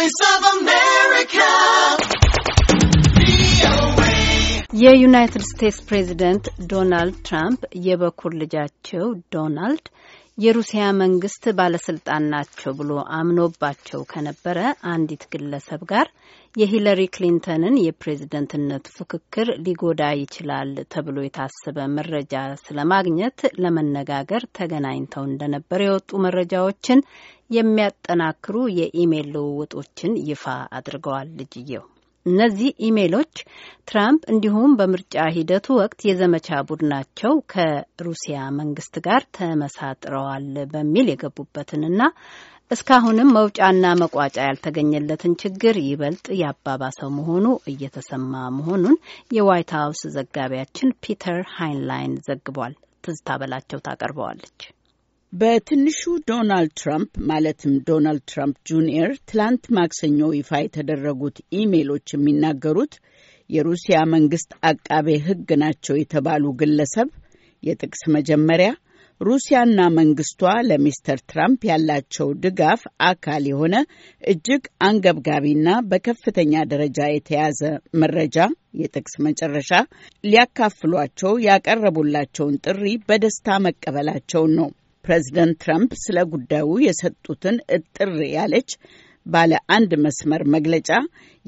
Voice of የዩናይትድ ስቴትስ ፕሬዚደንት ዶናልድ ትራምፕ የበኩር ልጃቸው ዶናልድ የሩሲያ መንግስት ባለስልጣን ናቸው ብሎ አምኖባቸው ከነበረ አንዲት ግለሰብ ጋር የሂለሪ ክሊንተንን የፕሬዝደንትነት ፉክክር ሊጎዳ ይችላል ተብሎ የታሰበ መረጃ ስለማግኘት ለመነጋገር ተገናኝተው እንደነበር የወጡ መረጃዎችን የሚያጠናክሩ የኢሜይል ልውውጦችን ይፋ አድርገዋል። ልጅየው እነዚህ ኢሜሎች ትራምፕ እንዲሁም በምርጫ ሂደቱ ወቅት የዘመቻ ቡድናቸው ከሩሲያ መንግስት ጋር ተመሳጥረዋል በሚል የገቡበትንና እስካሁንም መውጫና መቋጫ ያልተገኘለትን ችግር ይበልጥ ያባባሰው መሆኑ እየተሰማ መሆኑን የዋይት ሀውስ ዘጋቢያችን ፒተር ሃይንላይን ዘግቧል። ትዝታ በላቸው ታቀርበዋለች። በትንሹ ዶናልድ ትራምፕ ማለትም ዶናልድ ትራምፕ ጁኒየር ትላንት ማክሰኞ ይፋ የተደረጉት ኢሜሎች የሚናገሩት የሩሲያ መንግስት አቃቤ ሕግ ናቸው የተባሉ ግለሰብ የጥቅስ መጀመሪያ ሩሲያና መንግስቷ ለሚስተር ትራምፕ ያላቸው ድጋፍ አካል የሆነ እጅግ አንገብጋቢና በከፍተኛ ደረጃ የተያዘ መረጃ የጥቅስ መጨረሻ ሊያካፍሏቸው ያቀረቡላቸውን ጥሪ በደስታ መቀበላቸውን ነው። ፕሬዚደንት ትራምፕ ስለ ጉዳዩ የሰጡትን እጥር ያለች ባለ አንድ መስመር መግለጫ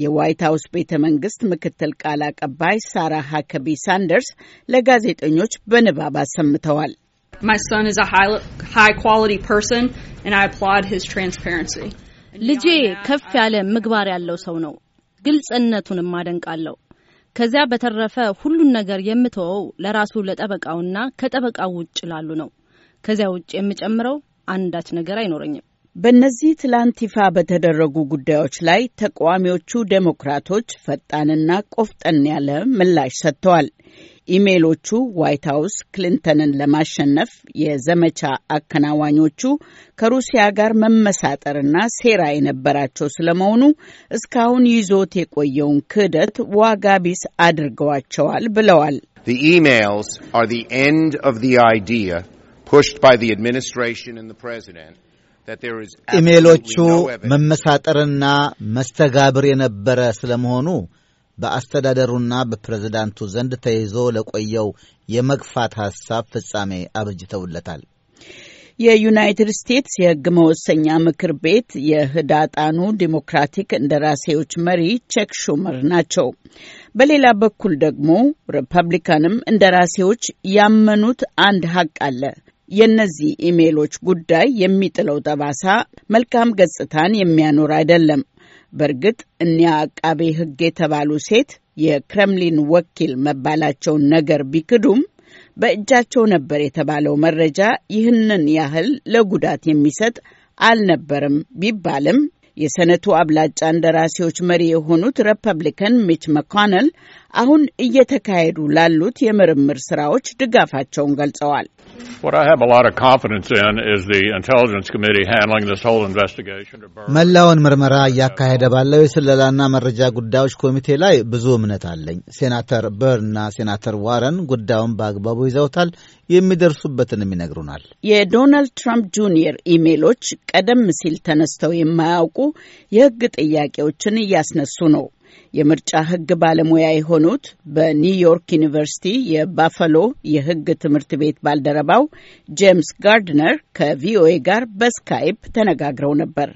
የዋይት ሀውስ ቤተ መንግስት ምክትል ቃል አቀባይ ሳራ ሀከቢ ሳንደርስ ለጋዜጠኞች በንባብ አሰምተዋል። ልጄ ከፍ ያለ ምግባር ያለው ሰው ነው። ግልጽነቱንም አደንቃለሁ። ከዚያ በተረፈ ሁሉን ነገር የምትወው ለራሱ ለጠበቃውና ከጠበቃው ውጭ ላሉ ነው። ከዚያ ውጭ የምጨምረው አንዳች ነገር አይኖረኝም። በእነዚህ ትላንት ይፋ በተደረጉ ጉዳዮች ላይ ተቃዋሚዎቹ ዴሞክራቶች ፈጣንና ቆፍጠን ያለ ምላሽ ሰጥተዋል። ኢሜሎቹ ዋይት ሀውስ ክሊንተንን ለማሸነፍ የዘመቻ አከናዋኞቹ ከሩሲያ ጋር መመሳጠርና ሴራ የነበራቸው ስለመሆኑ እስካሁን ይዞት የቆየውን ክህደት ዋጋ ቢስ አድርገዋቸዋል ብለዋል። The emails are the end of the idea ኢሜሎቹ መመሳጠርና መስተጋብር የነበረ ስለመሆኑ በአስተዳደሩና በፕሬዝዳንቱ ዘንድ ተይዞ ለቆየው የመግፋት ሐሳብ ፍጻሜ አብጅተውለታል። የዩናይትድ ስቴትስ የሕግ መወሰኛ ምክር ቤት የህዳጣኑ ዲሞክራቲክ እንደራሴዎች መሪ ቼክ ሹመር ናቸው። በሌላ በኩል ደግሞ ሪፐብሊካንም እንደራሴዎች ያመኑት አንድ ሀቅ አለ። የእነዚህ ኢሜሎች ጉዳይ የሚጥለው ጠባሳ መልካም ገጽታን የሚያኖር አይደለም። በእርግጥ እኒያ አቃቤ ሕግ የተባሉ ሴት የክሬምሊን ወኪል መባላቸውን ነገር ቢክዱም በእጃቸው ነበር የተባለው መረጃ ይህንን ያህል ለጉዳት የሚሰጥ አልነበርም ቢባልም የሰነቱ አብላጫ እንደራሴዎች መሪ የሆኑት ሪፐብሊካን ሚች መኮነል አሁን እየተካሄዱ ላሉት የምርምር ስራዎች ድጋፋቸውን ገልጸዋል። መላውን ምርመራ እያካሄደ ባለው የስለላና መረጃ ጉዳዮች ኮሚቴ ላይ ብዙ እምነት አለኝ። ሴናተር እና ሴናተር ዋረን ጉዳዩን በአግባቡ ይዘውታል፣ የሚደርሱበትንም ይነግሩናል። የዶናልድ ትራምፕ ጁኒየር ኢሜሎች ቀደም ሲል ተነስተው የማያውቁ የህግ ጥያቄዎችን እያስነሱ ነው። የምርጫ ሕግ ባለሙያ የሆኑት በኒውዮርክ ዩኒቨርሲቲ የባፈሎ የሕግ ትምህርት ቤት ባልደረባው ጄምስ ጋርድነር ከቪኦኤ ጋር በስካይፕ ተነጋግረው ነበር።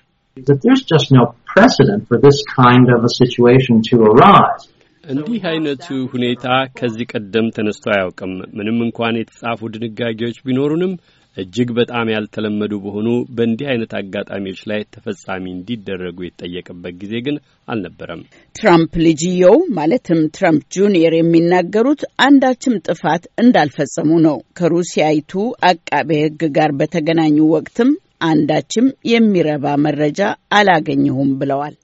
እንዲህ አይነቱ ሁኔታ ከዚህ ቀደም ተነስቶ አያውቅም። ምንም እንኳን የተጻፉ ድንጋጌዎች ቢኖሩንም እጅግ በጣም ያልተለመዱ በሆኑ በእንዲህ አይነት አጋጣሚዎች ላይ ተፈጻሚ እንዲደረጉ የተጠየቀበት ጊዜ ግን አልነበረም። ትራምፕ ልጅየው ማለትም ትራምፕ ጁኒየር የሚናገሩት አንዳችም ጥፋት እንዳልፈጸሙ ነው። ከሩሲያይቱ አቃቤ ሕግ ጋር በተገናኙ ወቅትም አንዳችም የሚረባ መረጃ አላገኘሁም ብለዋል።